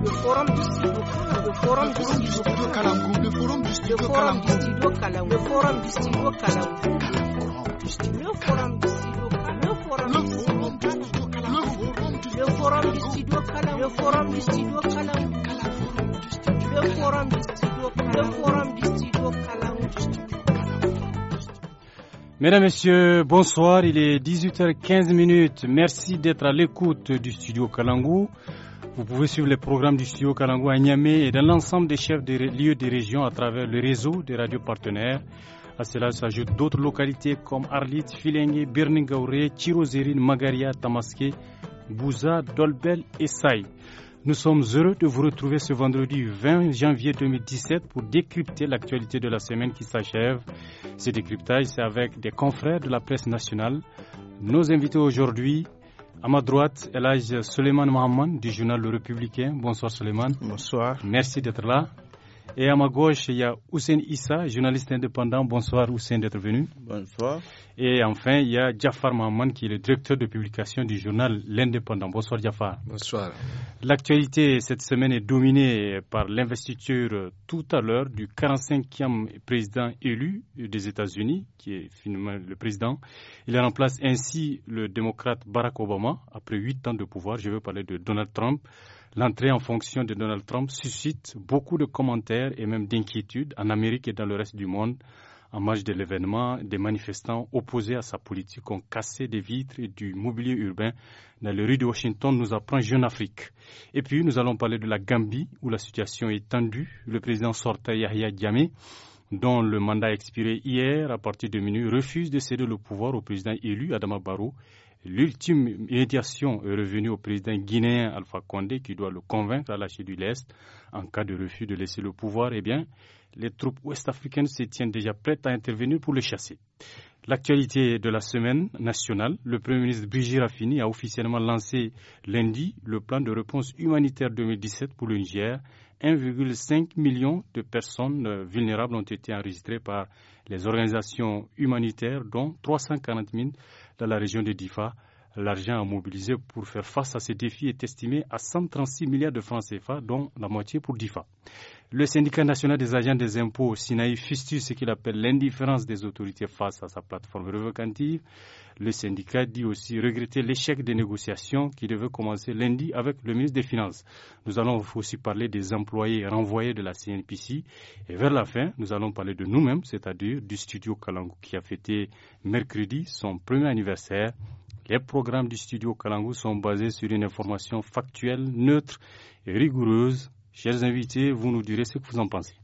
le forum du studio le forum du studio Kalamkou le forum du studio Kalamkou le forum du studio Kalamkou le forum du studio Kalamkou le forum du studio Kalamkou le forum du studio Kalamkou le forum du studio Kalamkou le forum du studio Kalangou Mesdames, Messieurs, bonsoir. Il est 18h15 minutes. Merci d'être à l'écoute du studio Kalangou. Vous pouvez suivre les programmes du studio Kalangou à Niamey et dans l'ensemble des chefs des lieux des régions à travers le réseau des radios partenaires. À cela s'ajoutent d'autres localités comme Arlit, Filengue, Birningaouré, Chirozérine, Magaria, Tamaské, Bouza, Dolbel et Saï. Nous sommes heureux de vous retrouver ce vendredi 20 janvier 2017 pour décrypter l'actualité de la semaine qui s'achève. Ce décryptage, c'est avec des confrères de la presse nationale. Nos invités aujourd'hui, à ma droite, a Suleiman Mohamed du journal Le Républicain. Bonsoir Suleiman. Bonsoir. Merci d'être là. Et à ma gauche, il y a Hussein Issa, journaliste indépendant. Bonsoir Hussein d'être venu. Bonsoir. Et enfin, il y a Jafar Mahman, qui est le directeur de publication du journal L'Indépendant. Bonsoir Jafar. Bonsoir. L'actualité cette semaine est dominée par l'investiture tout à l'heure du 45e président élu des États-Unis, qui est finalement le président. Il remplace ainsi le démocrate Barack Obama après huit ans de pouvoir. Je veux parler de Donald Trump. L'entrée en fonction de Donald Trump suscite beaucoup de commentaires et même d'inquiétudes en Amérique et dans le reste du monde en marge de l'événement, des manifestants opposés à sa politique ont cassé des vitres et du mobilier urbain dans les rues de Washington, nous apprend Jeune Afrique. Et puis, nous allons parler de la Gambie, où la situation est tendue. Le président sortant Yahya jammeh dont le mandat expiré hier à partir de minuit, refuse de céder le pouvoir au président élu Adama Barrow L'ultime médiation est revenue au président guinéen Alpha Condé qui doit le convaincre à lâcher du lest en cas de refus de laisser le pouvoir. Eh bien, les troupes ouest-africaines se tiennent déjà prêtes à intervenir pour le chasser. L'actualité de la semaine nationale, le Premier ministre Brigitte a officiellement lancé lundi le plan de réponse humanitaire 2017 pour le 1,5 million de personnes vulnérables ont été enregistrées par les organisations humanitaires, dont 340 000 dans la région de Difa, L'argent à mobiliser pour faire face à ces défis est estimé à 136 milliards de francs CFA, dont la moitié pour DIFA. Le syndicat national des agents des impôts, Sinaï, fustule ce qu'il appelle l'indifférence des autorités face à sa plateforme revocative. Le syndicat dit aussi regretter l'échec des négociations qui devaient commencer lundi avec le ministre des Finances. Nous allons aussi parler des employés renvoyés de la CNPC. Et vers la fin, nous allons parler de nous-mêmes, c'est-à-dire du studio Kalangu qui a fêté mercredi son premier anniversaire. Les programmes du studio Kalangu sont basés sur une information factuelle, neutre et rigoureuse. Chers invités, vous nous direz ce que vous en pensez.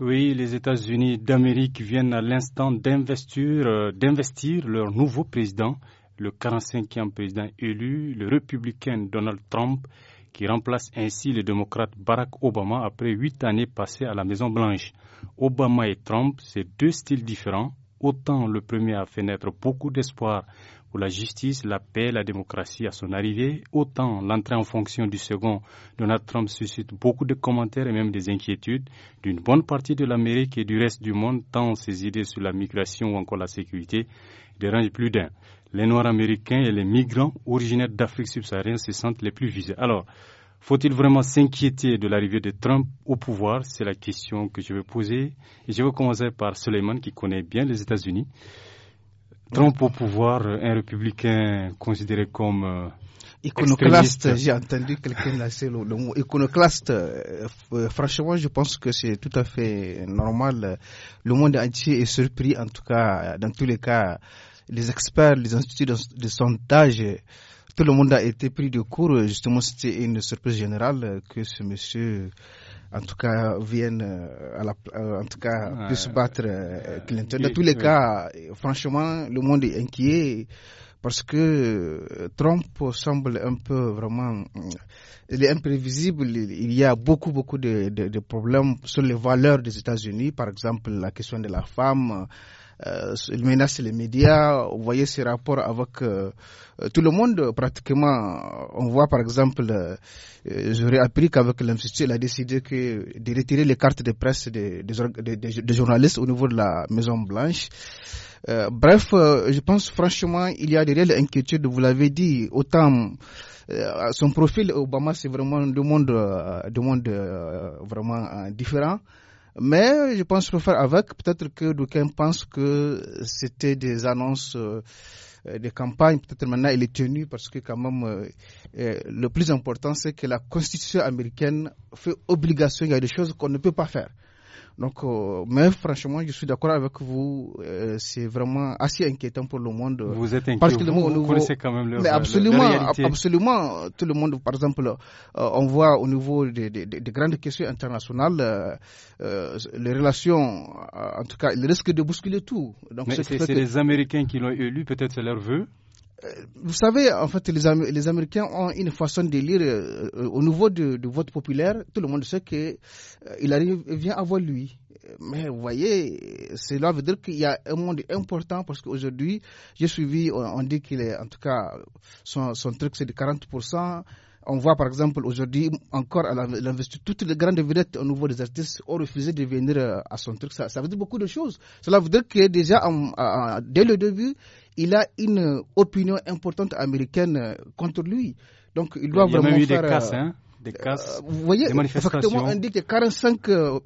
Oui, les États-Unis d'Amérique viennent à l'instant d'investir, euh, d'investir leur nouveau président le 45e président élu, le républicain Donald Trump, qui remplace ainsi le démocrate Barack Obama après huit années passées à la Maison-Blanche. Obama et Trump, c'est deux styles différents. Autant le premier a fait naître beaucoup d'espoir pour la justice, la paix, la démocratie à son arrivée, autant l'entrée en fonction du second, Donald Trump suscite beaucoup de commentaires et même des inquiétudes d'une bonne partie de l'Amérique et du reste du monde, tant ses idées sur la migration ou encore la sécurité dérangent plus d'un les Noirs américains et les migrants originaires d'Afrique subsaharienne se sentent les plus visés. Alors, faut-il vraiment s'inquiéter de l'arrivée de Trump au pouvoir C'est la question que je vais poser. Et je vais commencer par Suleiman qui connaît bien les États-Unis. Trump au pouvoir, un républicain considéré comme... Euh, iconoclaste, j'ai entendu quelqu'un lancer le, mot iconoclaste. Euh, franchement, je pense que c'est tout à fait normal. Le monde entier est surpris, en tout cas, dans tous les cas, les experts, les instituts de, sondage, tout le monde a été pris de court. Justement, c'était une surprise générale que ce monsieur, en tout cas, vienne, euh, à la, euh, en tout cas, puisse battre euh, Clinton. Dans tous les cas, franchement, le monde est inquiet parce que Trump semble un peu vraiment, il est imprévisible. Il y a beaucoup, beaucoup de, de, de problèmes sur les valeurs des États-Unis, par exemple la question de la femme, il euh, menace les médias. Vous voyez ces rapports avec euh, euh, tout le monde pratiquement. On voit par exemple, euh, j'aurais appris qu'avec l'Institut, il a décidé de retirer les cartes de presse des, des, des, journalistes au niveau de la Maison Blanche. bref, je pense franchement, il y a des réelles inquiétudes, vous l'avez dit, autant son profil Obama c'est vraiment deux monde, deux mondes vraiment différents. Mais je pense qu'il faut faire avec. Peut-être que d'aucuns pense que c'était des annonces euh, de campagne. Peut-être maintenant il est tenu parce que quand même euh, euh, le plus important c'est que la constitution américaine fait obligation. Il y a des choses qu'on ne peut pas faire. Donc, euh, mais franchement, je suis d'accord avec vous. Euh, c'est vraiment assez inquiétant pour le monde. Vous êtes inquiet. Parce vous, connaissez quand même le, mais absolument, absolument. Tout le monde, par exemple, euh, on voit au niveau des, des, grandes questions internationales euh, les relations, en tout cas, ils risque de bousculer tout. Donc, c'est les Américains qui l'ont élu, peut-être c'est leur vœu. Euh, vous savez, en fait, les, Américains ont une façon de lire euh, euh, au niveau du, vote populaire. Tout le monde sait qu'il il arrive, vient avoir lui. Mais vous voyez, cela veut dire qu'il y a un monde important parce qu'aujourd'hui, j'ai suivi, on, dit qu'il est, en tout cas, son, truc c'est de 40%. On voit par exemple aujourd'hui encore à toutes les grandes vedettes au niveau des artistes ont refusé de venir à son truc. Ça, veut dire beaucoup de choses. Cela veut dire que déjà, dès le début, il a une opinion importante américaine euh, contre lui. Donc il doit il y a même eu des casses, euh, hein des euh, casses, vous voyez, des manifestations. Effectivement, que 45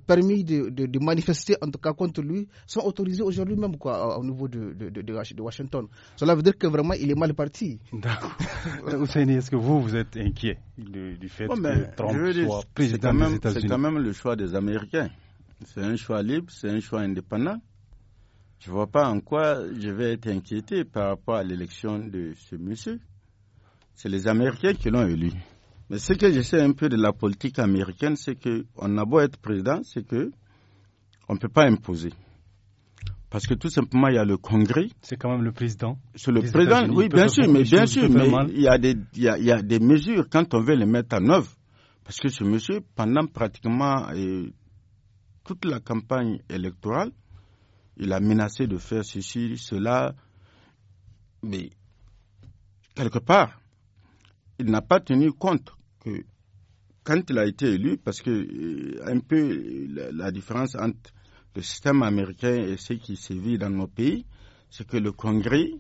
permis de, manifester, en tout cas contre lui, sont autorisés aujourd'hui même quoi, au niveau de, Washington. Cela veut dire que vraiment, il est mal parti. D'accord. est-ce que vous, vous êtes inquiet du, fait que Trump soit président C'est quand même le choix des Américains. C'est un choix libre, c'est un choix indépendant. Je ne vois pas en quoi je vais être inquiété par rapport à l'élection de ce monsieur. C'est les Américains qui l'ont élu. Mais ce que je sais un peu de la politique américaine, c'est qu'on a beau être président, c'est que on ne peut pas imposer. Parce que tout simplement, il y a le Congrès. C'est quand même le président. C'est le président, oui, bien sûr, mais bien sûr, il y, a des, mesures quand on veut les mettre en œuvre. Parce que ce monsieur, pendant pratiquement euh, toute la campagne électorale, il a menacé de faire ceci, cela. Mais quelque part, il n'a pas tenu compte que quand il a été élu, parce que euh, un peu la, différence entre le système américain et ce qui se vit dans nos pays, c'est que le Congrès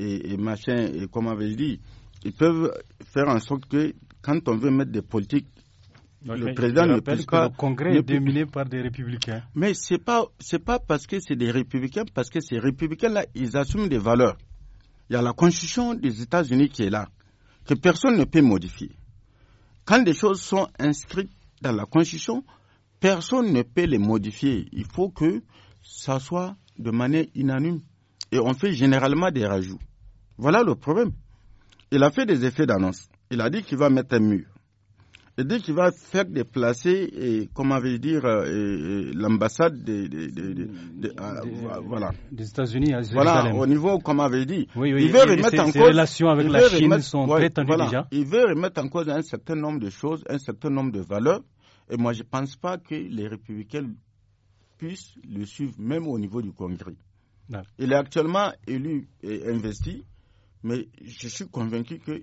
et, machin, et comme avait dit, ils peuvent faire en sorte que quand on veut mettre des politiques le président ne peut pas. Le Congrès est dominé par des républicains. Mais c'est pas pas parce que c'est des républicains, parce que ces républicains-là, ils assument des valeurs. Il y a la Constitution des États-Unis qui est là, que personne ne peut modifier. Quand des choses sont inscrites dans la Constitution, personne ne peut les modifier. Il faut que ça soit de manière unanime. Et on fait généralement des rajouts. Voilà le problème. Il a fait des effets d'annonce. Il a dit qu'il va mettre un mur. Et dès qu'il va faire déplacer, et, comme avait l'ambassade des, États-Unis à Jérusalem. au niveau, comme avait dit il veut remettre en cause. Ses relations avec la Chine sont très tendues déjà. Il veut remettre en cause un certain nombre de choses, un certain nombre de valeurs. Et moi, je ne pense pas que les républicains puissent le suivre, même au niveau du Congrès. Il est actuellement élu et investi, mais je suis convaincu que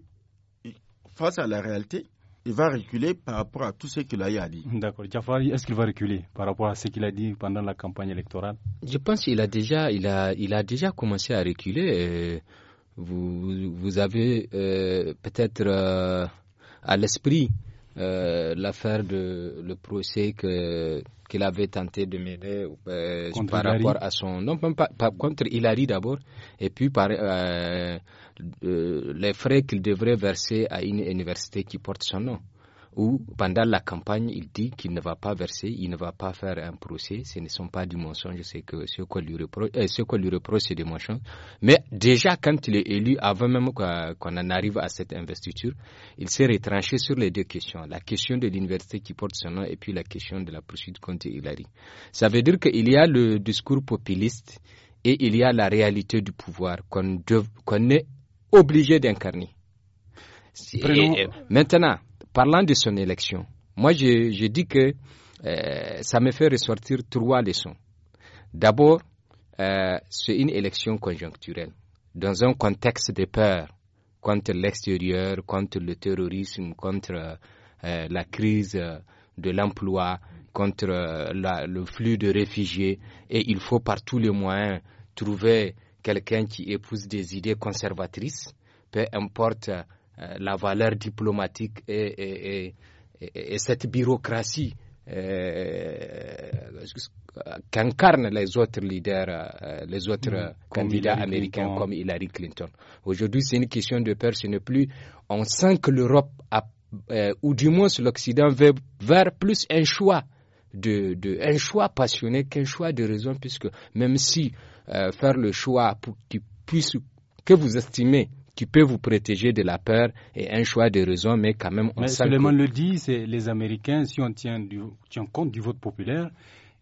face à la réalité, il va reculer par rapport à tout ce qu'il a dit. D'accord. est-ce qu'il va reculer par rapport à ce qu'il a dit pendant la campagne électorale Je pense qu'il a déjà, il a, il a déjà commencé à reculer. Euh, vous, vous avez euh, peut-être euh, à l'esprit l'affaire de le procès que qu'il avait tenté de mener par rapport à son non même pas, il contre dit d'abord et puis par euh, les frais qu'il devrait verser à une université qui porte son nom. Ou pendant la campagne, il dit qu'il ne va pas verser, il ne va pas faire un procès. Ce ne sont pas du mensonge, sais que ce qu'on lui reproche, euh, ce qu'on lui reproche, c'est des mensonges, Mais déjà, quand il est élu, avant même qu'on en arrive à cette investiture, il s'est retranché sur les deux questions. La question de l'université qui porte son nom et puis la question de la poursuite contre Hillary. Ça veut dire qu'il y a le discours populiste et il y a la réalité du pouvoir qu'on qu est obligé d'incarner. Eh, eh. Maintenant, parlant de son élection, moi j'ai dit que euh, ça me fait ressortir trois leçons. D'abord, euh, c'est une élection conjoncturelle, dans un contexte de peur contre l'extérieur, contre le terrorisme, contre euh, la crise de l'emploi, contre le flux de réfugiés, et il faut par tous les moyens trouver quelqu'un qui épouse des idées conservatrices, peu importe euh, la valeur diplomatique et, cette bureaucratie euh, qu'incarnent les autres leaders, euh, les autres mmh. candidats américains comme Hillary Clinton. Aujourd'hui, c'est une question de peur, ce n'est plus. On sent que l'Europe, ou du moins l'Occident, veut vers plus un choix, de un choix passionné qu'un choix de raison, puisque même si euh, faire le choix pour puisse, que vous estimez qui peut vous protéger de la peur et un choix de raison, mais quand même on mais Seulement le dit, les Américains, si on tient, compte du vote populaire,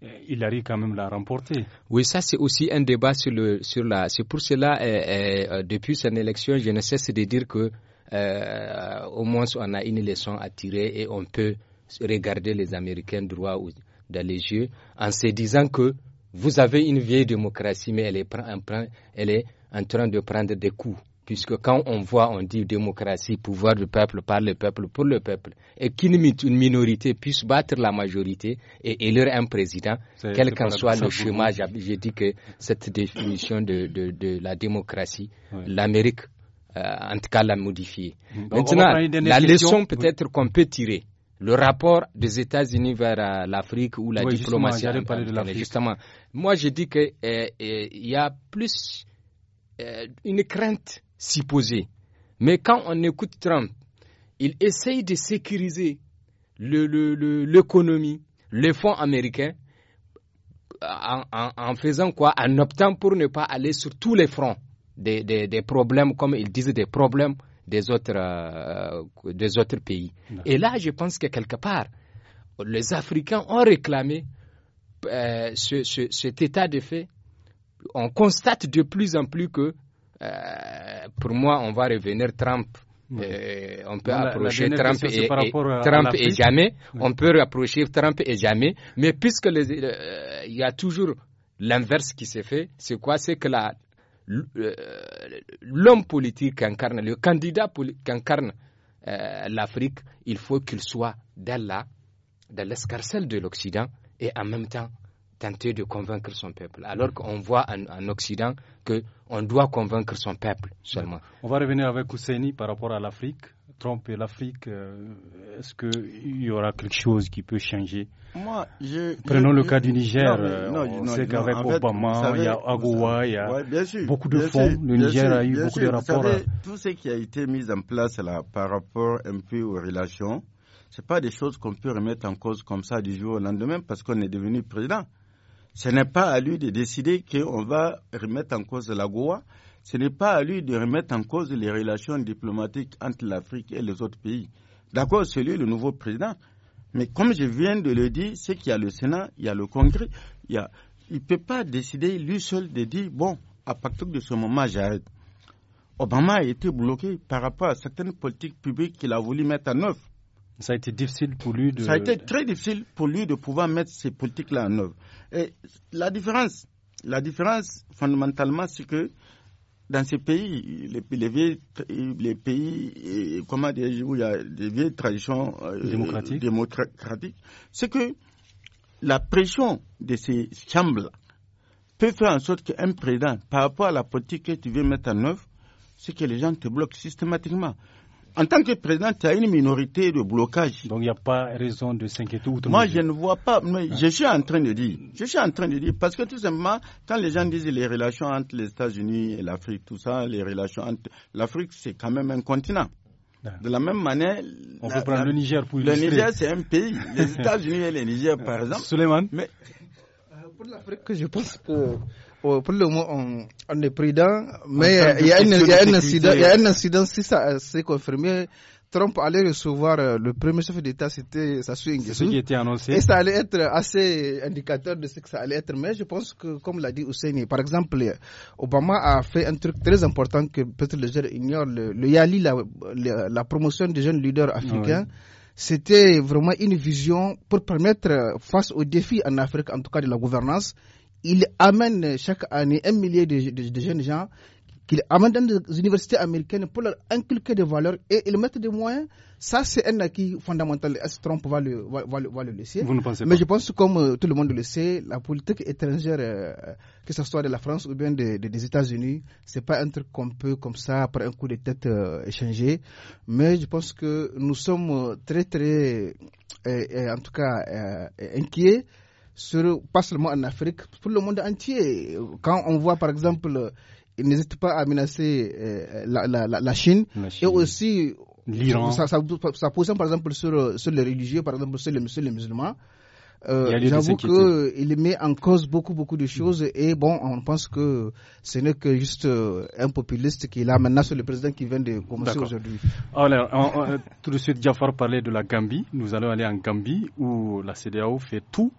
euh, il arrive quand même à la remporter. Oui, ça c'est aussi un débat sur le sur la. C'est pour cela euh, depuis cette élection, je ne cesse de dire que au moins on a une leçon à tirer et on peut regarder les Américains droit dans les yeux en se disant que vous avez une vieille démocratie, mais elle est, elle est en train de prendre des coups puisque quand on voit, on dit démocratie, pouvoir du peuple, par le peuple, pour le peuple, et qu'une minorité puisse battre la majorité et élire un président, quel qu'en soit le chemin, j'ai dit que cette définition de, la démocratie, l'Amérique, euh, en tout cas, l'a modifiée. Maintenant, la leçon peut-être qu'on peut tirer, le rapport des États-Unis vers euh, l'Afrique ou la diplomatie. Justement, de l'Afrique. Justement, moi je dis qu'il euh, euh, y a plus une crainte s'y poser. Mais quand on écoute Trump, il essaye de sécuriser l'économie, le, les fonds américains, en, faisant quoi En optant pour ne pas aller sur tous les fronts des, problèmes, comme ils disent, des problèmes des autres, euh, des autres pays. Et là, je pense que quelque part, les Africains ont réclamé euh, ce, cet état de fait. On constate de plus en plus que, euh, pour moi, on va revenir Trump. on peut approcher Trump, et, Trump et, jamais. On peut rapprocher Trump et jamais. Mais puisque il y a toujours l'inverse qui s'est fait, c'est quoi C'est que la, l'homme politique incarne, le candidat qui euh, l'Afrique, il faut qu'il soit dans la, dans l'escarcelle de l'Occident et en même temps tenter de convaincre son peuple. Alors qu'on voit en, en Occident qu'on doit convaincre son peuple seulement. On va revenir avec Ousseini par rapport à l'Afrique trompe l'Afrique, euh, est-ce qu'il y aura quelque chose qui peut changer Moi, Prenons le cas du Niger. Euh, on sait qu'avec Obama, il y a Agoua, il y a beaucoup de fonds. le Niger a eu beaucoup de rapports. Savez, hein. Tout ce qui a été mis en place là, par rapport un peu aux relations, ce pas des choses qu'on peut remettre en cause comme ça du jour au lendemain parce qu'on est devenu président. Ce n'est pas à lui de décider qu'on va remettre en cause l'Agoua. Ce n'est pas à lui de remettre en cause les relations diplomatiques entre l'Afrique et les autres pays. D'accord, c'est lui le nouveau président. Mais comme je viens de le dire, c'est qu'il y a le Sénat, il y a le Congrès. Il ne peut pas décider lui seul de dire, bon, à partir de ce moment, j'arrête. Obama a été bloqué par rapport à certaines politiques publiques qu'il a voulu mettre en œuvre. Ça a été difficile pour lui de. Ça a été très difficile pour lui de pouvoir mettre ces politiques-là en œuvre. Et la différence, la différence fondamentalement, c'est que dans ces pays, les, pays comment dire, où il y a des vieilles traditions euh, démocratiques, c'est que la pression de ces chambres peut faire en sorte qu'un président, par rapport à la politique que tu veux mettre en œuvre, c'est que les gens te bloquent systématiquement. En tant que président, tu as une minorité de blocage. Donc il n'y a pas raison de s'inquiéter Moi, je ne vois pas, mais je suis en train de dire. Je suis en train de dire, parce que tout simplement, quand les gens disent les relations entre les États-Unis et l'Afrique, tout ça, les relations entre. L'Afrique, c'est quand même un continent. De la même manière, on peut prendre le Niger pour illustrer. Le Niger, c'est un pays. Les États-Unis et le Niger, par exemple. Souleymane Mais euh, pour l'Afrique, je pense que pour le moment, on, est prudent, mais il y, a un incident, si ça euh, s'est confirmé, Trump allait recevoir euh, le premier chef d'État, c'était Sassou ce qui était annoncé. Et ça allait être assez indicateur de ce que ça allait être. Mais je pense que, comme l'a dit Hussein, par exemple, Obama a fait un truc très important que peut-être les gens ignorent, le, Yali, la, la, promotion des jeunes leaders africains. c'était vraiment une vision pour permettre, euh, face aux défis en Afrique, en tout cas de la gouvernance, il amène chaque année un millier de, jeunes gens qu'ils amène dans des universités américaines pour leur inculquer des valeurs et ils mettent des moyens. Ça, c'est un acquis fondamental. Est-ce Trump va le, laisser Vous ne pensez pas. Mais je pense, comme euh, tout le monde le sait, la politique étrangère, euh, que ce soit de la France ou bien des États-Unis, c'est pas un truc qu'on peut, comme ça, après un coup de euh, tête, échanger. Mais je pense que nous sommes très, très, en tout cas, inquiets sur, pas seulement en Afrique, pour le monde entier. Quand on voit par exemple, il euh, n'hésitent pas à menacer euh, la, la, Chine, et aussi l'Iran. Ça, ça, pose par exemple sur, euh, sur les religieux, par exemple sur les, sur les musulmans. Euh, J'avoue qu'il met en cause beaucoup, beaucoup de choses. Et bon, on pense que ce n'est que juste un populiste qui a là maintenant sur le président qui vient de commencer aujourd'hui. Alors, tout de suite, Jafar parlait de la Gambie. Nous allons aller en Gambie où la CDAO fait tout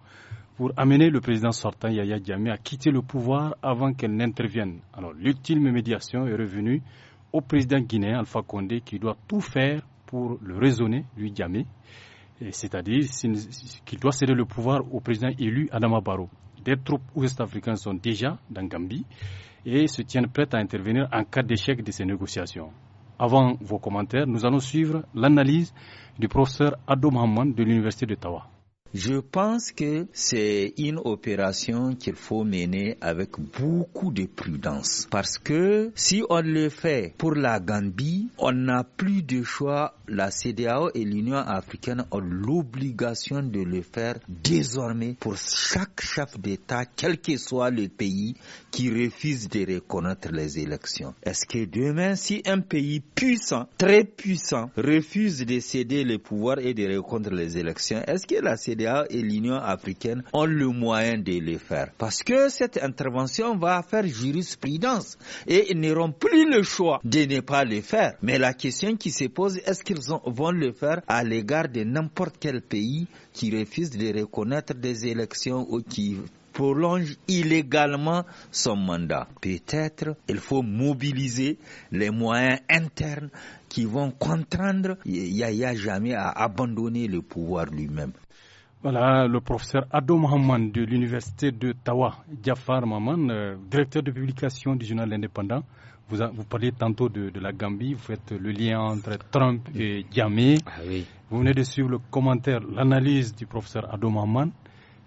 pour amener le président sortant Yaya Djamé à quitter le pouvoir avant qu'elle n'intervienne. Alors l'ultime médiation est revenue au président guinéen Alpha Condé qui doit tout faire pour le raisonner, lui Djamé, c'est-à-dire qu'il doit céder le pouvoir au président élu Adama Barrow. Des troupes ouest-africaines sont déjà dans Gambie et se tiennent prêtes à intervenir en cas d'échec de ces négociations. Avant vos commentaires, nous allons suivre l'analyse du professeur Ado Hamman de l'Université d'Ottawa. Je pense que c'est une opération qu'il faut mener avec beaucoup de prudence parce que si on le fait pour la Gambie, on n'a plus de choix. La CDAO et l'Union africaine ont l'obligation de le faire désormais pour chaque chef d'État, quel que soit le pays, qui refuse de reconnaître les élections. Est-ce que demain, si un pays puissant, très puissant, refuse de céder le pouvoir et de reconnaître les élections, est-ce que la CDAO et l'Union africaine ont le moyen de le faire. Parce que cette intervention va faire jurisprudence et ils n'auront plus le choix de ne pas le faire. Mais la question qui se pose, est-ce qu'ils vont le faire à l'égard de n'importe quel pays qui refuse de reconnaître des élections ou qui prolonge illégalement son mandat. Peut-être il faut mobiliser les moyens internes qui vont contraindre Yaya Jamais à abandonner le pouvoir lui-même. Voilà, le professeur Ado Mohamed de l'université de Tawa, Jafar Maman, euh, directeur de publication du journal indépendant. Vous, parliez tantôt de, la Gambie, vous faites le lien entre Trump et Djamé. Ah vous venez de suivre le commentaire, l'analyse du professeur Ado Mohamed.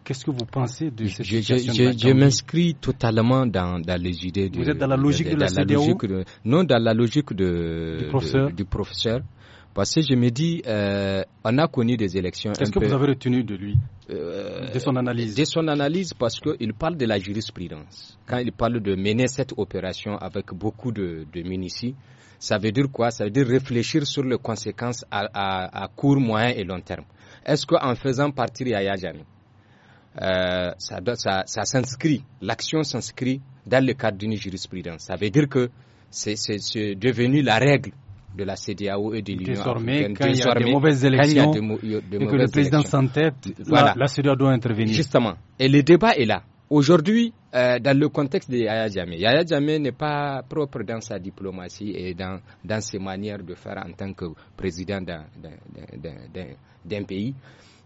Qu'est-ce que vous pensez de cette je, Je, je, m'inscris totalement dans, les idées de... Vous êtes dans la logique de, la, Non, dans la logique de, Du professeur parce que je me dis, euh, on a connu des élections. Qu'est-ce que vous avez retenu de lui euh, de son analyse De son analyse, parce qu'il parle de la jurisprudence. Quand il parle de mener cette opération avec beaucoup de, de munici, ça veut dire quoi Ça veut dire réfléchir sur les conséquences à, à, court, moyen et long terme. Est-ce qu'en faisant partir Yaya Jani, euh, ça, ça, ça s'inscrit, l'action s'inscrit dans le cadre d'une jurisprudence Ça veut dire que c'est devenu la règle de la CDAO et de l'Union Désormais, quand il y a de mauvaises élections et que le président s'entête, voilà. la, CDAO doit intervenir. Justement. Et le débat est là. Aujourd'hui, euh, dans le contexte de Yaya Djamé, Yaya Djamé n'est pas propre dans sa diplomatie et dans, dans ses manières de faire en tant que président d'un pays.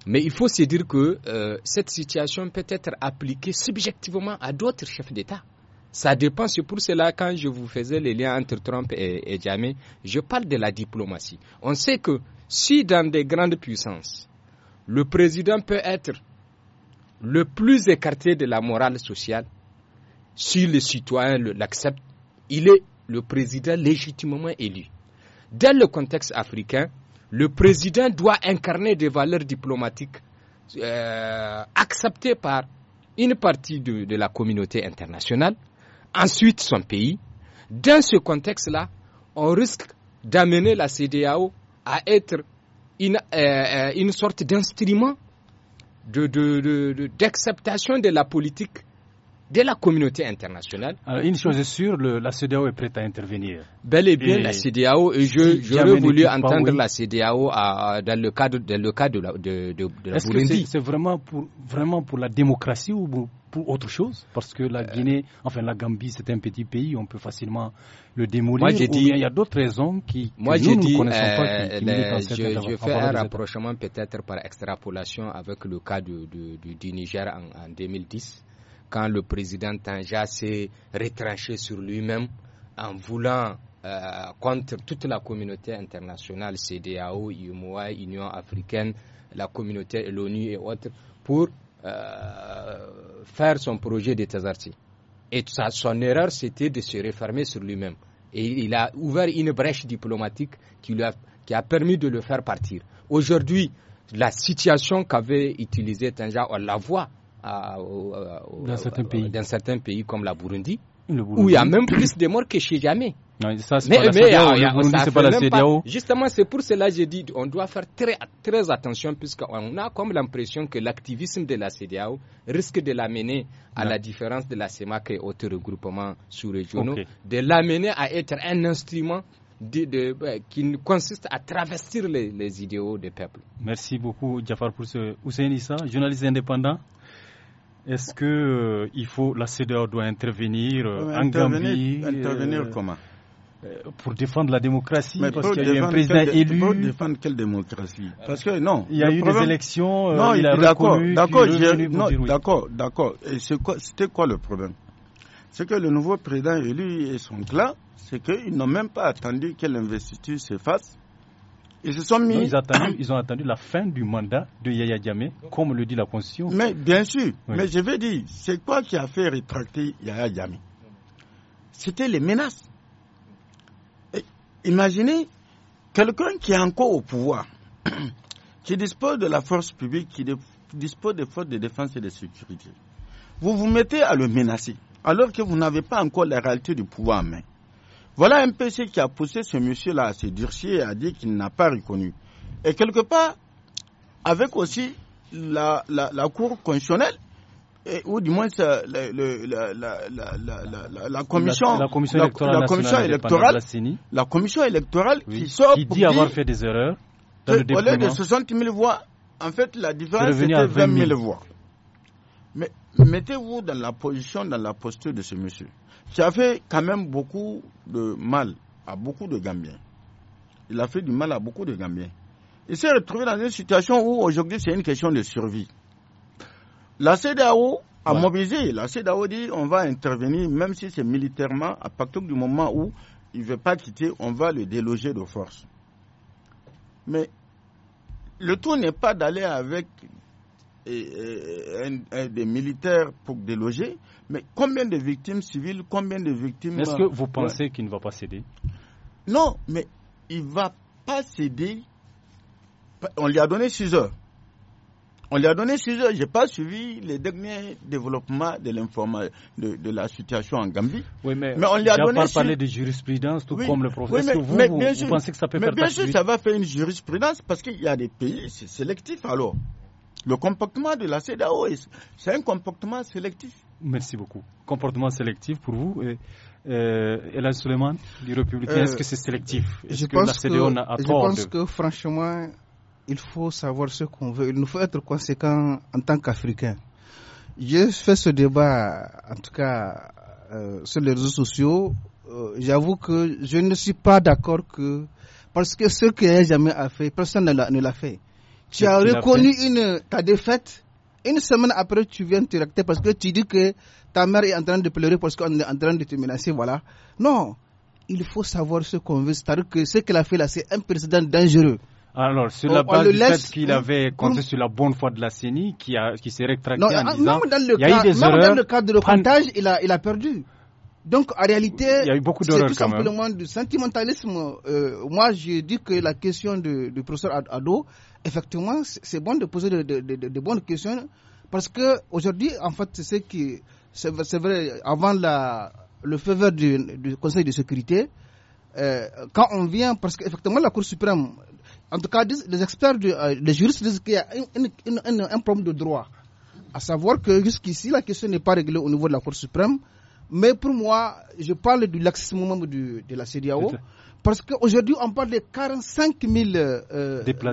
Mais il faut se dire que euh, cette situation peut être appliquée subjectivement à d'autres chefs d'État. Ça dépend, c'est pour cela quand je vous faisais les liens entre Trump et, Jamé, je parle de la diplomatie. On sait que si dans des grandes puissances, le président peut être le plus écarté de la morale sociale, si le citoyen l'accepte, il est le président légitimement élu. Dans le contexte africain, le président doit incarner des valeurs diplomatiques euh, acceptées par une partie de la communauté internationale, ensuite son pays, dans ce contexte-là, on risque d'amener la CDAO à être une, euh, sorte d'instrument d'acceptation de, la politique de la communauté internationale. une chose est sûre, la CDAO est prête à intervenir. Bel et bien, la CDAO, et je, j'aurais voulu entendre la CDAO dans, le cadre, dans le cadre de la, de, Est-ce que c'est, vraiment, pour, vraiment pour la démocratie ou pour autre chose, parce que la euh. Guinée, enfin la Gambie, c'est un petit pays, on peut facilement le démolir. Moi, j'ai dit, il y a d'autres raisons qui, moi, j'ai nous, dit, connaissons pas. Euh, je, fais un rapprochement peut-être par extrapolation avec le cas du, Niger en, 2010, quand le président Tanja s'est retranché sur lui-même en voulant euh, contre toute la communauté internationale, CDAO, UMOA, Union africaine, la communauté, l'ONU et autres, pour faire son projet de Tazarti. Et son erreur, c'était de se refermer sur lui-même. Et il a ouvert une brèche diplomatique qui, lui a, qui a permis de le faire partir. Aujourd'hui, la situation qu'avait utilisée Tanja, on la voit dans, certains pays. dans certains pays comme la Burundi, Burundi. où il y a même plus de morts que chez jamais. Non, ah, c'est pas, la Justement, c'est pour cela que j'ai dit qu'on doit faire très, très attention puisqu'on a comme l'impression que l'activisme de la CDAO risque de l'amener à la différence de la CEMAC et autres regroupements sous-régionaux, de l'amener à être un instrument euh, qui consiste à travestir les, idéaux des peuples. Merci beaucoup, Jafar, pour ce. Hussein Issa, journaliste indépendant. Est-ce que euh, il faut la CDAO doit intervenir, euh, en intervenir, Gambie Intervenir comment euh, pour défendre la démocratie parce qu'il y a un président élu. Pour défendre quelle démocratie Parce que non. Il y a eu des élections. Euh, non, il a d'accord, d'accord, d'accord, Et c'était quoi le problème C'est que le nouveau président élu et son clan, c'est qu'ils n'ont même pas attendu que l'investiture se fasse. Ils se sont mis. ils, ont attendu la fin du mandat de Yaya Djamé, comme le dit la Constitution. Mais bien sûr, mais je veux dire, c'est quoi qui a fait rétracter Yaya Djamé C'était les menaces. Imaginez quelqu'un qui est encore au pouvoir, qui dispose de la force publique, qui dispose des forces de défense et de sécurité. Vous vous mettez à le menacer, alors que vous n'avez pas encore la réalité du pouvoir en main. Voilà un PC qui a poussé ce monsieur-là à se durcir et à dire qu'il n'a pas reconnu. Et quelque part, avec aussi la, la Cour constitutionnelle eh, ou du moins la, commission, la, commission électorale, la, commission électorale, la commission électorale qui sort dit avoir fait des erreurs. au lieu de 60 000 voix, en fait, la différence était 20 000 voix. Mais mettez-vous dans la position, dans la posture de ce monsieur, qui a fait quand même beaucoup de mal à beaucoup de Gambiens. Il a fait du mal à beaucoup de Gambiens. Il s'est retrouvé dans une situation où aujourd'hui c'est une question de survie. La CEDAO a mobilisé. La CEDAO dit on va intervenir, même si c'est militairement, à partir du moment où il ne veut pas quitter, on va le déloger de force. Mais le tout n'est pas d'aller avec eh, eh, des militaires pour déloger, mais combien de victimes civiles, combien de victimes. Est-ce que vous pensez qu'il ne va pas céder Non, mais il ne va pas céder. On lui a donné 6 heures. On lui a donné 6 Je n'ai pas suivi les derniers développements de, de, de la situation en Gambie. Oui, mais, on lui a donné. a parlé de jurisprudence, tout comme le professeur. vous, pensez que ça peut mais Bien sûr, ça va faire une jurisprudence parce qu'il y a des pays, c'est sélectif alors. Le comportement de la CEDAO, c'est un comportement sélectif. Merci beaucoup. Comportement sélectif pour vous et... Euh, Suleiman, du Républicain, euh, est-ce que c'est sélectif Est-ce que la je pense que franchement, il faut savoir ce qu'on veut. Il nous faut être conséquent en tant qu'Africains. J'ai fait ce débat, en tout cas, euh, sur les réseaux sociaux. Euh, j'avoue que je ne suis pas d'accord que. Parce que ce que a jamais a fait, personne ne l'a fait. Tu as reconnu une, ta défaite. Une semaine après, tu viens te réacter parce que tu dis que ta mère est en train de pleurer parce qu'on est en train de te menacer. Voilà. Non. Il faut savoir ce qu'on veut. C'est-à-dire que ce qu'elle a fait là, c'est un précédent dangereux. Alors, sur la base du fait qu'il avait compté sur la bonne foi de la CENI, qui, a, qui s'est rétracté non, en ah, Dans le il y a dans le cadre de le comptage, il a, il a perdu. Donc, en réalité, c'est tout simplement même. du sentimentalisme. Euh, moi, je dis que la question du, du professeur Ado, effectivement, c'est bon de poser de, bonnes questions parce que aujourd'hui, en fait, c'est qui c'est vrai, avant la, le faveur du, du Conseil de sécurité, euh, quand on vient, parce qu'effectivement, la Cour suprême, en tout cas, les experts, euh, les juristes disent qu'il y a un problème de droit. À savoir que jusqu'ici, la question n'est pas réglée au niveau de la Cour suprême. Mais pour moi, je parle du laxisme même de, de la CDAO. Parce qu'aujourd'hui, on parle de 45 000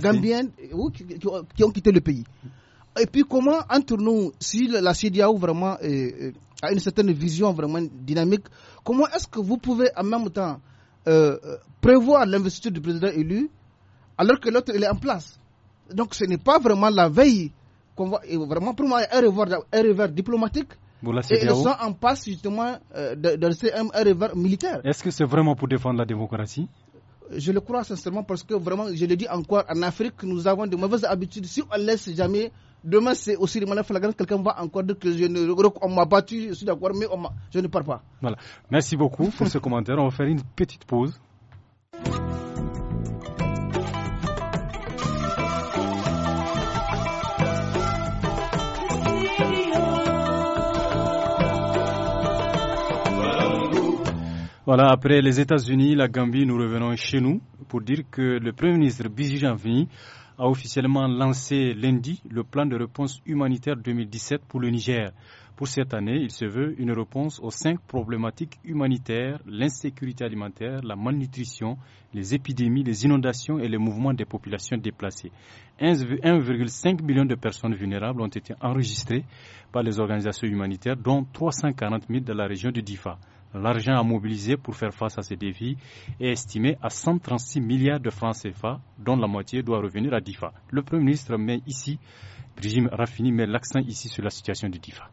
Gambiens euh, qui, ont quitté le pays. Et puis, comment, entre nous, si la CDAO vraiment euh, a une certaine vision vraiment dynamique, comment est-ce que vous pouvez en même temps prévoir l'investiture du président élu alors que l'autre, il est en place. Donc, ce n'est pas vraiment la veille qu'on va. vraiment, pour moi, un revers, un revers diplomatique. et ils sont en passe justement euh, un, revers militaire. Est-ce que c'est vraiment pour défendre la démocratie je le crois sincèrement parce que vraiment, je le dis encore, en Afrique, nous avons de mauvaises habitudes. Si on laisse jamais, demain c'est aussi le manière flagrante, quelqu'un va encore dire que on m'a battu, je suis d'accord, mais je ne pars pas. Voilà. Merci beaucoup pour ce commentaire. On va faire une petite pause. Voilà, après les États-Unis, la Gambie, nous revenons chez nous pour dire que le Premier ministre Bizi Janvini a officiellement lancé lundi le plan de réponse humanitaire 2017 pour le Niger. Pour cette année, il se veut une réponse aux cinq problématiques humanitaires, l'insécurité alimentaire, la malnutrition, les épidémies, les inondations et les mouvements des populations déplacées. 1,5 million de personnes vulnérables ont été enregistrées par les organisations humanitaires, dont 340 000 dans la région de Difa. L'argent à mobiliser pour faire face à ces défis est estimé à 136 milliards de francs CFA, dont la moitié doit revenir à DIFA. Le Premier ministre met ici, Brigitte Raffini met l'accent ici sur la situation de DIFA.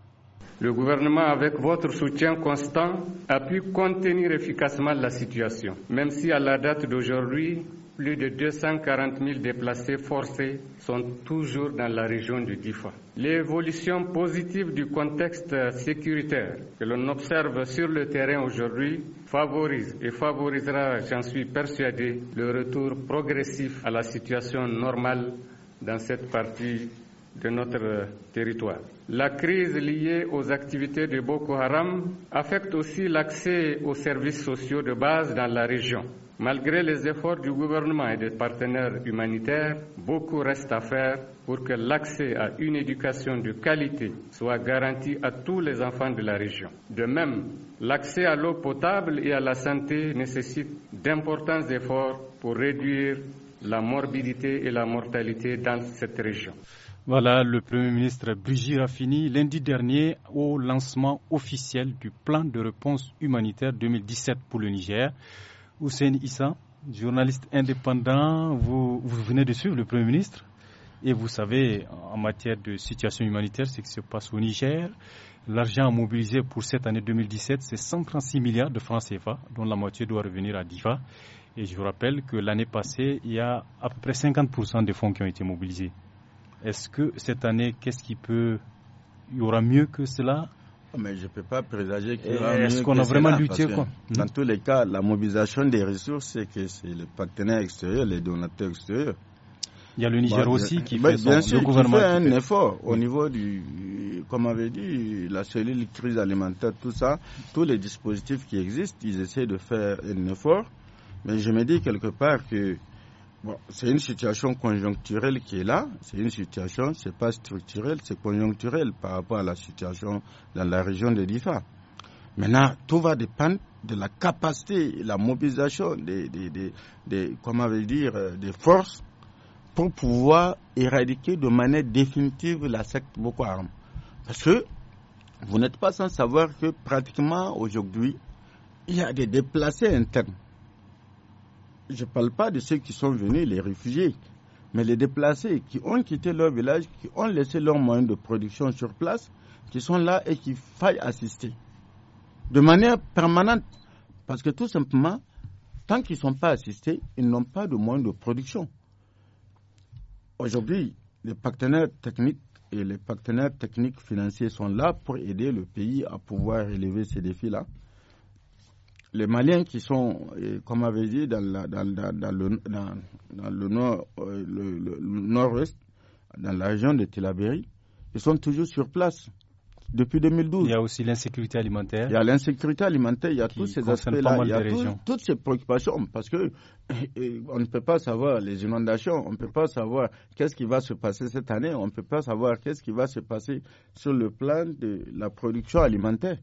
Le gouvernement, avec votre soutien constant, a pu contenir efficacement la situation, même si à la date d'aujourd'hui, plus de 240 000 déplacés forcés sont toujours dans la région du Difa. L'évolution positive du contexte sécuritaire que l'on observe sur le terrain aujourd'hui favorise et favorisera, j'en suis persuadé, le retour progressif à la situation normale dans cette partie de notre territoire. La crise liée aux activités de Boko Haram affecte aussi l'accès aux services sociaux de base dans la région. Malgré les efforts du gouvernement et des partenaires humanitaires, beaucoup reste à faire pour que l'accès à une éducation de qualité soit garanti à tous les enfants de la région. De même, l'accès à l'eau potable et à la santé nécessite d'importants efforts pour réduire la morbidité et la mortalité dans cette région. Voilà le Premier ministre Brigitte fini lundi dernier au lancement officiel du plan de réponse humanitaire 2017 pour le Niger. Hussein Issa, journaliste indépendant. Vous, venez de suivre le Premier ministre et vous savez, en matière de situation humanitaire, ce qui se passe au Niger, l'argent mobilisé pour cette année 2017, c'est 136 milliards de francs CFA, dont la moitié doit revenir à DIFA. Et je vous rappelle que l'année passée, il y a à peu près 50% des fonds qui ont été mobilisés. Est-ce que cette année, qu'est-ce qui peut. Il y aura mieux que cela mais je ne peux pas présager qu'il Est-ce qu'on a vraiment lutté Dans tous les cas, la mobilisation des ressources, c'est que c'est les partenaires extérieurs, les donateurs extérieurs. Il y a le bah, Niger aussi qui bah, fait, le gouvernement un effort au niveau du, comme avait dit, la cellule crise alimentaire, tout ça, tous les dispositifs qui existent, ils essaient de faire un effort. Mais je me dis quelque part que c'est une situation conjoncturelle qui est là. C'est une situation, c'est pas structurel, c'est conjoncturelle par rapport à la situation dans la région de l'IFA. Maintenant, tout va dépendre de la capacité, la mobilisation des, des, des, dire, euh, des forces pour pouvoir éradiquer de manière définitive la secte Boko Haram. Parce que vous n'êtes pas sans savoir que pratiquement aujourd'hui, il y a des déplacés internes je ne parle pas de ceux qui sont venus, les réfugiés, mais les déplacés qui ont quitté leur village, qui ont laissé leurs moyens de production sur place, qui sont là et qui faillent assister. De manière permanente. Parce que tout simplement, tant qu'ils ne sont pas assistés, ils n'ont pas de moyens de production. Aujourd'hui, les partenaires techniques et les partenaires techniques financiers sont là pour aider le pays à pouvoir relever ces défis-là les Maliens qui sont, euh, comme avait dit, dans, le, le, nord, ouest dans la région de Tilaberi, ils sont toujours sur place depuis 2012. Il y a aussi l'insécurité alimentaire. Il y a l'insécurité alimentaire, il y a tous ces aspects-là, il y a toutes ces préoccupations, parce qu'on euh, euh, ne peut pas savoir les inondations, on ne peut pas savoir qu'est-ce qui va se passer cette année, on ne peut pas savoir qu'est-ce qui va se passer sur le plan de la production alimentaire.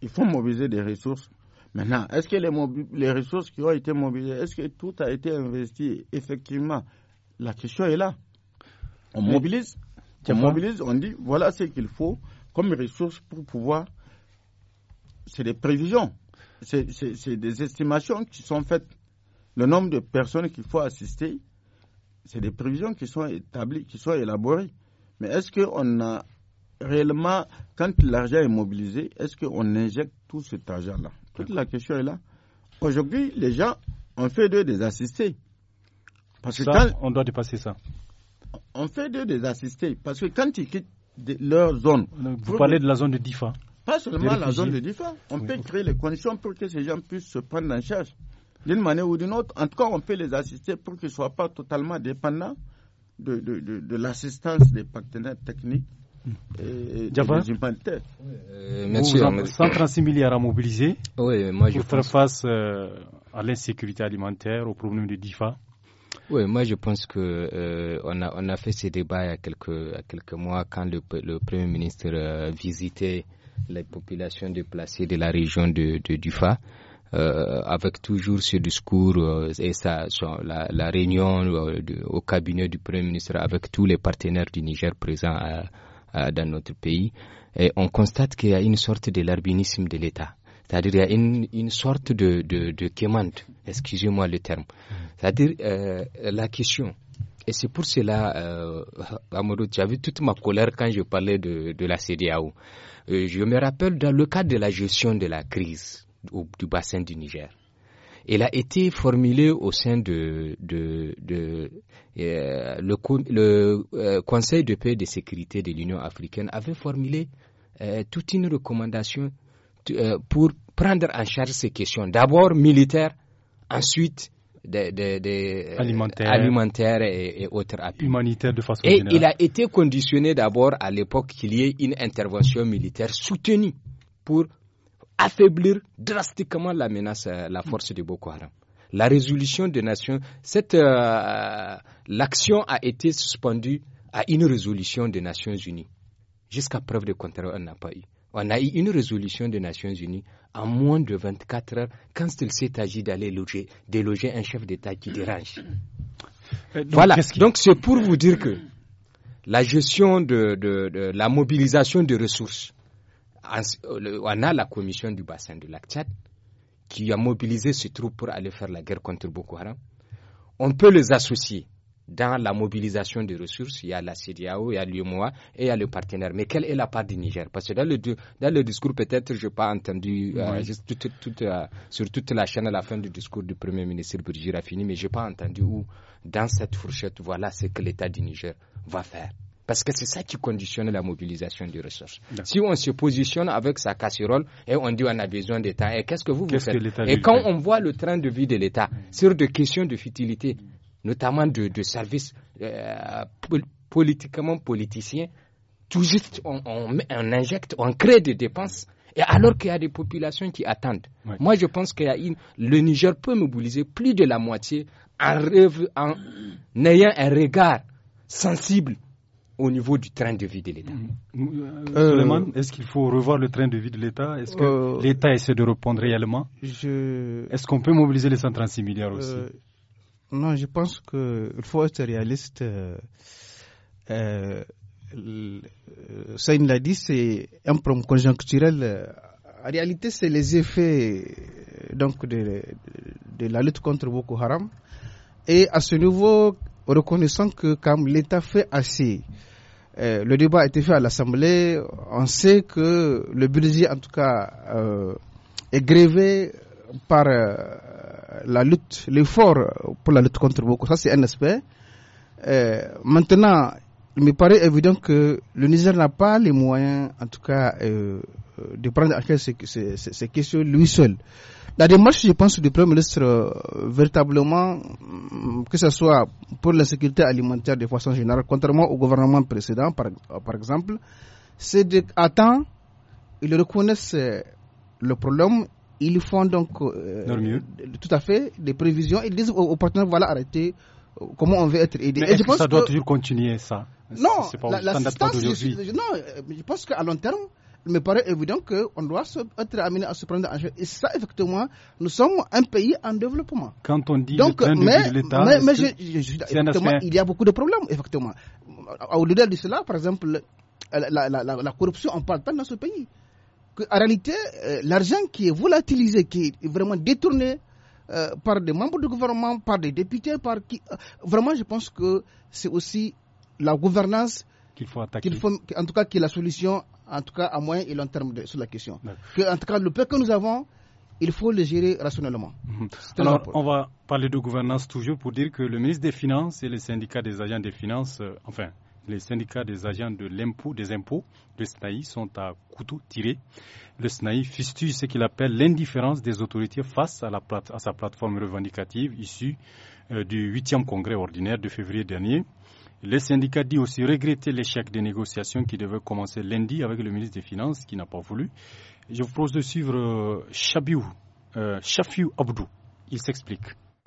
Il faut mobiliser des ressources Maintenant, est-ce que les, ressources qui ont été mobilisées, est-ce que tout a été investi Effectivement, la question est là. On mobilise, on mobilise, on dit voilà ce qu'il faut comme ressources pour pouvoir. C'est des prévisions, c'est des estimations qui sont faites. Le nombre de personnes qu'il faut assister, c'est des prévisions qui sont établies, qui sont élaborées. Mais est-ce qu'on a réellement, quand l'argent est mobilisé, est-ce qu'on injecte tout cet argent-là toute la question est là. Aujourd'hui, les gens ont fait d'eux des assistés. Parce que on doit dépasser ça. On fait d'eux des assistés. Parce que quand ils quittent leur zone. Vous, parlez de la zone de DIFA Pas seulement la zone de DIFA. On peut créer les conditions pour que ces gens puissent se prendre en charge. D'une manière ou d'une autre, en tout cas, on peut les assister pour qu'ils ne soient pas totalement dépendants de l'assistance des partenaires techniques euh, 136 euh, milliards à mobiliser pour faire face euh, à l'insécurité alimentaire, au problème de DIFA. Oui, moi je pense que euh, on, a, on a fait ce débat il y a quelques, quelques mois quand le, le Premier ministre a visitait les populations déplacées de la région de, de Dufa. avec toujours ce discours et la, réunion au cabinet du Premier ministre avec tous les partenaires du Niger présents à, euh, dans notre pays, et on constate qu'il y a une sorte de larbinisme de l'État. C'est-à-dire il y a une, une sorte de, de, de excusez-moi le terme. C'est-à-dire euh, la question. Et c'est pour cela, euh, Amadou, tu toute ma colère quand je parlais de, de la CDAO. Euh, je me rappelle dans le cadre de la gestion de la crise du bassin du Niger. Il a été formulé au sein de, euh, le, euh, Conseil de paix et de sécurité de l'Union africaine avait formulé euh, toute une recommandation pour prendre en charge ces questions. D'abord militaire, ensuite Alimentaire. alimentaires, et, autres appuis. Humanitaires de façon générale. et il a été conditionné d'abord à l'époque qu'il y ait une intervention militaire soutenue pour affaiblir drastiquement la menace, euh, la force de Boko Haram. La résolution des nations, cette euh, l'action a été suspendue à une résolution des Nations Unies. Jusqu'à preuve de contraire, on n'a pas eu. On a eu une résolution des Nations Unies en moins de 24 heures quand il s'est agi d'aller loger, déloger un chef d'État qui dérange. Euh, voilà. Donc c'est pour vous dire que la gestion de la mobilisation des ressources, euh, on a la commission du bassin du lac qui a mobilisé ses troupes pour aller faire la guerre contre Boko Haram. On peut les associer dans la mobilisation des ressources. Il y a la CDAO, il y a l'UMOA et il y a le partenaire. Mais quelle est la part du Niger Parce que dans le, discours, peut-être, je n'ai pas entendu, euh, euh, sur toute la chaîne à la fin du discours du Premier ministre Brigitte Raffini, mais je n'ai pas entendu où, dans cette fourchette, voilà ce que l'État du Niger va faire. Parce que c'est ça qui conditionne la mobilisation des ressources. Si on se positionne avec sa casserole et on dit on a besoin d'État, et qu'est-ce que vous, faites Et quand on voit le train de vie de l'État sur des questions de futilité, notamment de, services euh, politiquement politiciens, tout juste on, injecte, on crée des dépenses. Et alors qu'il y a des populations qui attendent. Moi, je pense que le Niger peut mobiliser plus de la moitié en, en ayant un regard sensible au niveau du train de vie de l'État. Mm. Euh, euh, est-ce qu'il faut revoir le train de vie de l'État Est-ce que euh, l'État essaie de répondre réellement je... Est-ce qu'on peut mobiliser les 136 milliards aussi Non, je pense qu'il faut être réaliste. il l'a dit, c'est un problème conjoncturel. En réalité, c'est les effets donc, de, de, la lutte contre Boko Haram. Et à ce niveau, reconnaissant que comme l'État fait assez euh, le débat a été fait à l'Assemblée. On sait que le budget, en tout cas, euh, est grévé par euh, la lutte, l'effort pour la lutte contre beaucoup. Ça, c'est un aspect. maintenant, il me paraît évident que le Niger n'a pas les moyens, en tout cas, euh, de prendre en ces, questions lui seul. La démarche, je pense, du Premier ministre, euh, véritablement, mm, que ce soit pour la sécurité alimentaire de façon générale, contrairement au gouvernement précédent, par, euh, par exemple, c'est d'attendre, ils reconnaissent le problème, ils font donc tout à fait des prévisions, ils disent aux, partenaire partenaires, voilà, arrêtez comment on veut être aidé. Mais je pense que ça doit toujours continuer, ça Non, non, je pense qu'à long terme, il me paraît évident qu'on doit être amené à se prendre en charge. Et ça, effectivement, nous sommes un pays en développement. Quand on dit Donc, mais, de l'État, mais, mais je, il y a beaucoup de problèmes, effectivement. Au-delà de cela, par exemple, la, corruption, on parle pas dans ce pays. Que, en réalité, euh, l'argent qui est volatilisé, qui est vraiment détourné euh, par des membres du gouvernement, par des députés, par qui. Euh, vraiment, je pense que c'est aussi la gouvernance qu'il faut attaquer. faut, en tout cas, qui est la solution en tout cas à moyen et long terme sur la question. en tout cas, le peu que nous avons, il faut le gérer rationnellement. Mhm. on va parler de gouvernance toujours pour dire que le ministre des Finances et les syndicats des agents des finances, euh, enfin, les syndicats des agents de l'impôt, des impôts de SNAI sont à couteau tiré. Le SNAI fistule ce qu'il appelle l'indifférence des autorités face à, sa plateforme revendicative issue euh, du 8e congrès ordinaire de février dernier. Le syndicat dit aussi regretter l'échec des négociations qui devaient commencer lundi avec le ministre des Finances qui n'a pas voulu. Je vous propose de suivre Shabiou, euh, euh Abdou. Il s'explique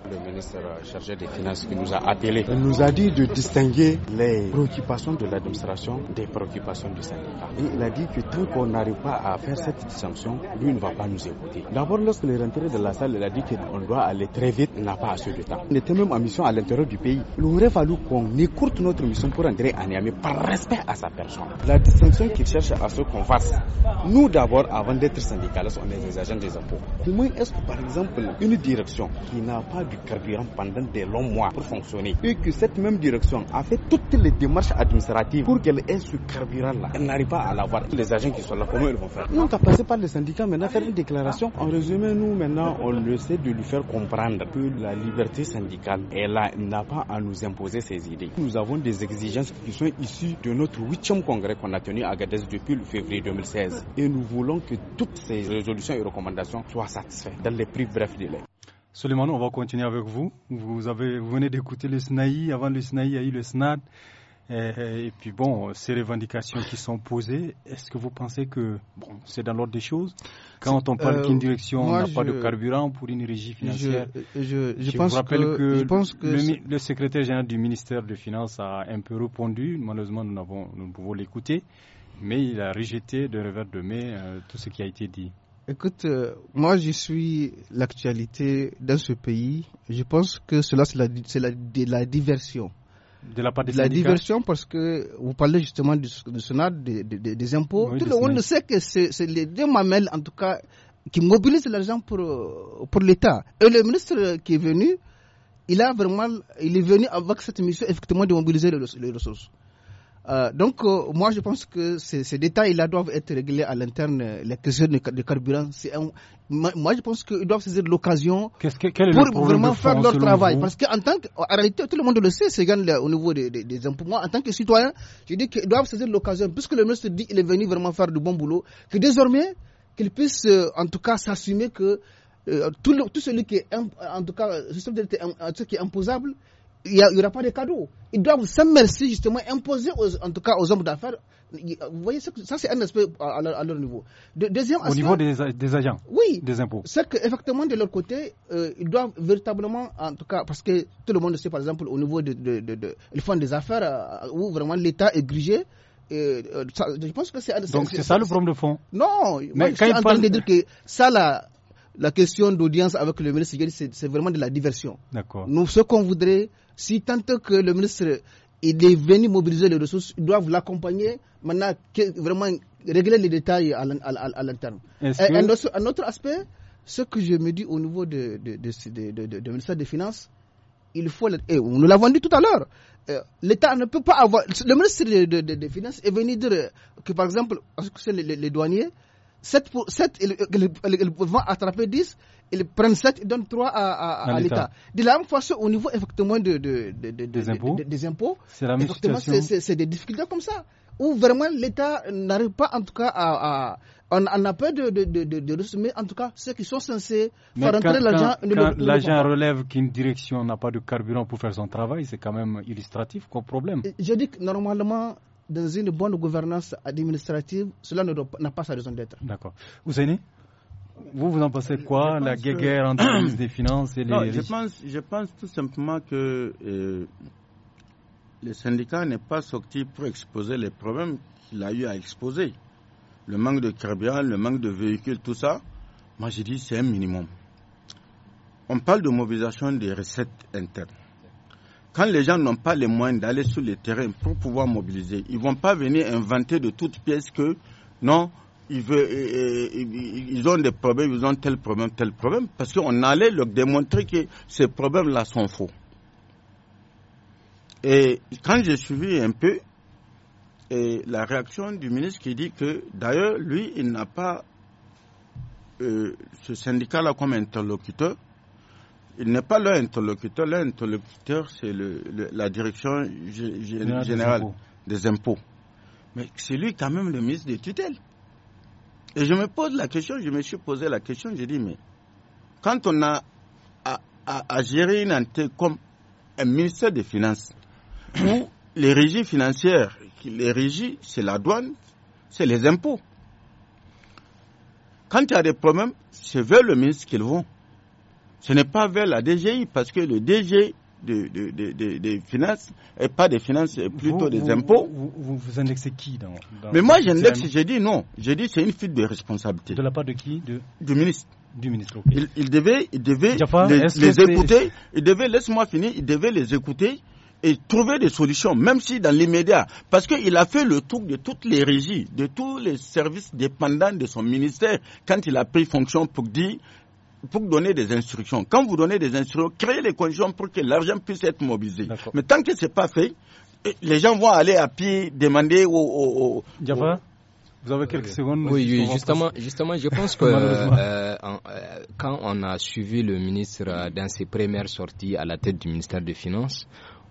le ministre euh, chargé des Finances qui nous a appelé. Il nous a dit de distinguer les préoccupations de l'administration des préoccupations du syndicat. il a dit que tant qu'on n'arrive pas à faire cette distinction, lui ne va pas nous écouter. D'abord, lorsqu'il est rentré de la salle, il a dit qu'on doit aller très vite, il n'a pas assez de temps. On était même en mission à l'intérieur du pays. Il aurait fallu qu'on écoute notre mission pour entrer à Niamey par respect à sa personne. La distinction qu'il cherche à ce qu'on fasse, nous d'abord, avant d'être syndicalistes, on est des agents des impôts. Comment est-ce que, par exemple, une direction qui n'a pas de carburant pendant des longs mois pour fonctionner. Et que cette même direction a fait toutes les démarches administratives pour qu'elle ait ce carburant-là. Elle n'arrive pas à l'avoir. Les agents qui sont là, comment ils vont faire Nous, t'as passé par les syndicats, maintenant faire une déclaration. En résumé, nous, maintenant, on le sait de lui faire comprendre que la liberté syndicale, elle n'a pas à nous imposer ses idées. Nous avons des exigences qui sont issues de notre huitième congrès qu'on a tenu à Gadez depuis le février 2016. Et nous voulons que toutes ces résolutions et recommandations soient satisfaites dans les plus brefs délais. Soliman, on va continuer avec vous. Vous, avez, vous venez d'écouter le SNAI. Avant le SNAI, il y a eu le SNAD. Et, puis bon, ces revendications qui sont posées, est-ce que vous pensez que bon, c'est dans l'ordre des choses Quand on parle euh, qu'une direction n'a pas de carburant pour une régie financière, je, pense rappelle que, le, secrétaire général du ministère des Finances a un peu répondu. Malheureusement, nous, avons, nous pouvons l'écouter mais il a rejeté de revers de main euh, tout ce qui a été dit. Écoute, euh, moi je suis l'actualité dans ce pays. Je pense que cela c'est la, de la diversion. De la part des de La diversion parce que vous parlez justement du, Sénat, des impôts. tout le monde sait que c'est les deux mamelles en tout cas qui mobilisent l'argent pour, euh, pour l'État. Et le ministre qui est venu, il a vraiment, il est venu avec cette mission effectivement de mobiliser les ressources. Euh, donc, euh, moi, je pense que ces, détails-là doivent être réglés à l'interne. Euh, les questions de, carburant, moi, je pense qu'ils doivent saisir l'occasion pour vraiment faire leur travail. Parce qu'en tant que, en réalité, tout le monde le sait, c'est au niveau des, en tant que citoyen, je dis qu'ils doivent saisir l'occasion, puisque le ministre dit qu'il est venu vraiment faire du bon boulot, que désormais, qu'il puisse en tout cas, s'assumer que tout, ce qui en tout cas, qui est imposable, il n'y aura pas de cadeau. Ils doivent sans merci justement imposer, aux, en tout cas aux hommes d'affaires. Vous voyez, ça c'est un aspect à, leur, niveau. deuxième Au niveau des, agents Oui. Des impôts. C'est qu'effectivement, de leur côté, euh, ils doivent véritablement, en tout cas, parce que tout le monde sait par exemple au niveau de, de, ils font des affaires euh, où vraiment l'État est grigé. Et, euh, je pense que c'est. Donc c'est ça le problème de fond. Non, mais quand je suis de dire que ça là, la question d'audience avec le ministre, c'est vraiment de la diversion. Nous, ce qu'on voudrait, si tant que le ministre est venu mobiliser les ressources, ils doivent l'accompagner maintenant, vraiment régler les détails à, l'interne. Un, autre aspect, ce que je me dis au niveau du de, ministère des Finances, il faut. Et nous l'avons dit tout à l'heure. Euh, L'État ne peut pas avoir. Le ministre des Finances est venu dire que, par exemple, que c'est les douaniers, 7, pour, 7 ils, vont attraper 10, ils prennent 7, ils donnent 3 à, l'État. De la même façon, au niveau effectivement des impôts, c'est des difficultés comme ça, où vraiment l'État n'arrive pas en tout cas à, on, a peur de, de, de, en tout cas, ceux qui sont censés faire entrer l'agent. L'agent relève qu'une direction n'a pas de carburant pour faire son travail, c'est quand même illustratif comme problème. Je dis que normalement, dans une bonne gouvernance administrative, cela n'a pas sa raison d'être. D'accord. savez, vous, vous en pensez quoi La guerre entre les finances et les. je, pense, je pense tout simplement que euh, le syndicat n'est pas sorti pour exposer les problèmes qu'il a eu à exposer. Le manque de carburant, le manque de véhicules, tout ça, moi j'ai dit c'est un minimum. On parle de mobilisation des recettes internes. Quand les gens n'ont pas les moyens d'aller sur le terrain pour pouvoir mobiliser, ils ne vont pas venir inventer de toutes pièces que non, euh, euh, ils, ont des problèmes, ils ont tel problème, tel problème, parce qu'on allait leur démontrer que ces problèmes-là sont faux. Et quand j'ai suivi un peu la réaction du ministre qui dit que d'ailleurs, lui, il n'a pas euh, ce syndicat-là comme interlocuteur, il n'est pas leur interlocuteur. c'est le, la direction générale, des, impôts. Mais c'est lui quand même le ministre des tutelles. Et je me pose la question, je me suis posé la question, j'ai dit, mais quand on a à, gérer une entité comme un ministère des Finances, où les régies financières, les régies, c'est la douane, c'est les impôts. Quand il y a des problèmes, c'est vers le ministre qu'ils vont. Ce n'est pas vers la DGI, parce que le DG des de, de, de, finances, et pas des finances, plutôt des impôts. Vous, vous, indexez qui dans, Mais moi, j'indexe, j'ai dit non. J'ai dit c'est une fuite de responsabilité. De la part de qui Du ministre. Du ministre, il, devait, il devait les, écouter. Il devait, laisse-moi finir, il devait les écouter et trouver des solutions, même si dans l'immédiat, parce qu'il a fait le tour de toutes les régies, de tous les services dépendants de son ministère quand il a pris fonction pour dire pour donner des instructions. Quand vous donnez des instructions, créez les conditions pour que l'argent puisse être mobilisé. Mais tant que ce n'est pas fait, eh, les gens vont aller à pied demander au... au, vous avez quelques secondes. Oui, justement, justement, je pense que euh, euh, quand on a suivi le ministre euh, dans ses premières sorties à la tête du ministère des Finances,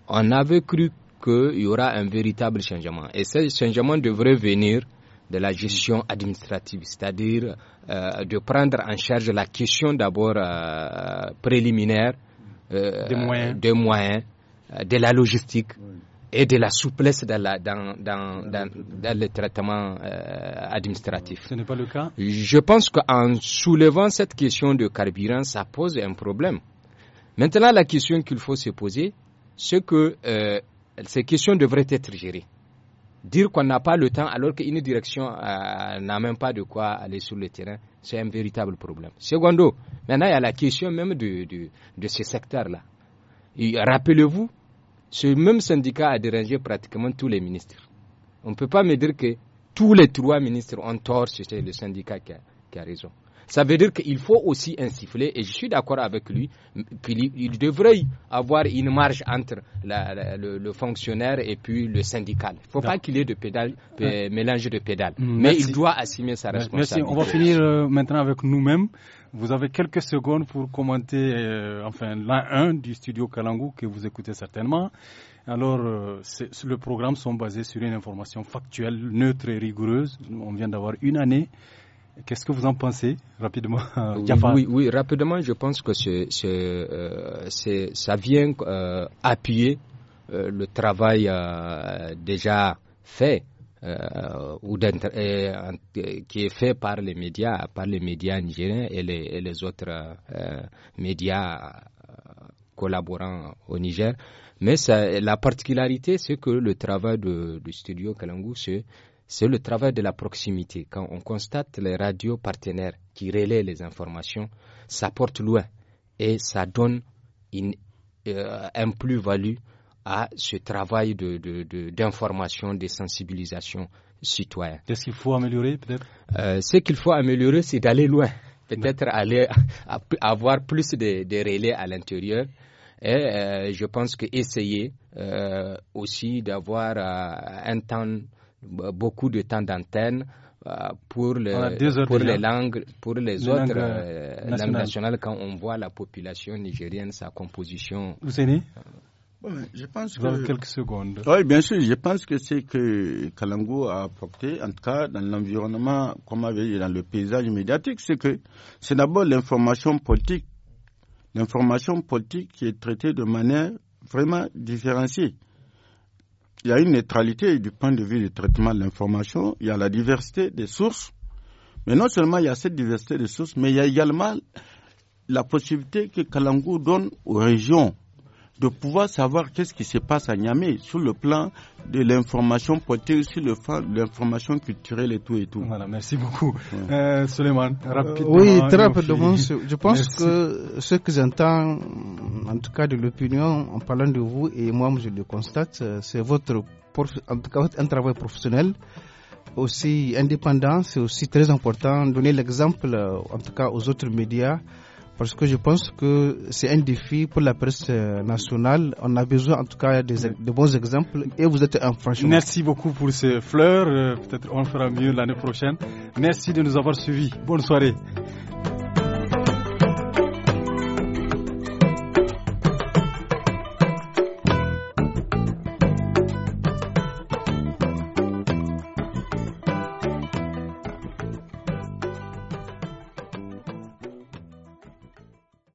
on avait cru qu'il y aura un véritable changement. Et ce changement devrait venir de la gestion administrative, c'est-à-dire euh, de prendre en charge la question d'abord euh, préliminaire euh, des moyens, euh, de la logistique et de la souplesse dans, la, dans, dans le traitement administratif. Ce n'est pas le cas Je pense qu'en soulevant cette question de carburant, ça pose un problème. Maintenant, la question qu'il faut se poser, c'est que ces questions devraient être gérées dire qu'on n'a pas le temps alors qu'une direction euh, n'a même pas de quoi aller sur le terrain, c'est un véritable problème. Secondo, maintenant il y a la question même de, ce secteur là Rappelez-vous, ce même syndicat a dérangé pratiquement tous les ministres. On ne peut pas me dire que tous les trois ministres ont tort, c'est le syndicat qui a raison. Ça veut dire qu'il faut aussi un sifflet, et je suis d'accord avec lui, qu'il il devrait avoir une marge entre le, fonctionnaire et puis le syndical. Il ne faut pas qu'il ait de euh, mélange de pédales, mm, mais il doit assumer sa responsabilité. Merci, on va finir euh, maintenant avec nous-mêmes. Vous avez quelques secondes pour commenter euh, enfin, l'un du studio Kalangu que vous écoutez certainement. Alors, le programme sont basés sur une information factuelle, neutre et rigoureuse. On vient d'avoir une année Qu'est-ce que vous en pensez rapidement oui, oui, rapidement, je pense que euh, ça vient euh, appuyer euh, le travail déjà fait ou qui est fait par les médias, par les médias nigériens et les, autres médias collaborant au Niger. Mais la particularité, c'est que le travail du studio Kalangu, c'est c'est le travail de la proximité. Quand on constate les radios partenaires qui relaient les informations, ça porte loin et ça donne euh, un plus-value à ce travail d'information, de, sensibilisation citoyenne. Qu'est-ce qu'il faut améliorer peut-être euh, Ce qu'il faut améliorer, c'est d'aller loin. Peut-être aller avoir plus de, relais à l'intérieur. Et euh, je pense que essayer aussi d'avoir un temps bah, beaucoup de temps d'antenne euh, pour, pour les langues, pour les, autres euh, euh, langues, nationales. quand on voit la population nigérienne, sa composition. Vous savez je pense dans quelques secondes. Oui, bien sûr, je pense que c'est que Kalango a apporté, en tout cas dans l'environnement, comme avait dans le paysage médiatique, c'est que c'est d'abord l'information politique. L'information politique qui est traitée de manière vraiment différenciée il y a une neutralité du point de vue du traitement de l'information, il y a la diversité des sources, mais non seulement il y a cette diversité des sources, mais il y a également la possibilité que Kalangou donne aux régions de pouvoir savoir qu'est-ce qui se passe à Niamey sur le plan de l'information portée aussi le fond de l'information culturelle et tout et tout. Voilà, merci beaucoup. Euh, rapidement. oui, très rapidement. Je pense que ce que j'entends, en tout cas de l'opinion, en parlant de vous, et moi je le constate, c'est votre, en tout cas, un travail professionnel aussi indépendant, c'est aussi très important. Donner l'exemple, euh, en tout cas, aux autres médias parce que je pense que c'est un défi pour la presse euh, nationale. On a besoin en tout cas de, bons exemples et vous êtes un franchement. Merci beaucoup pour ces fleurs. Euh, peut-être on fera mieux l'année prochaine. Merci de nous avoir suivis. Bonne soirée.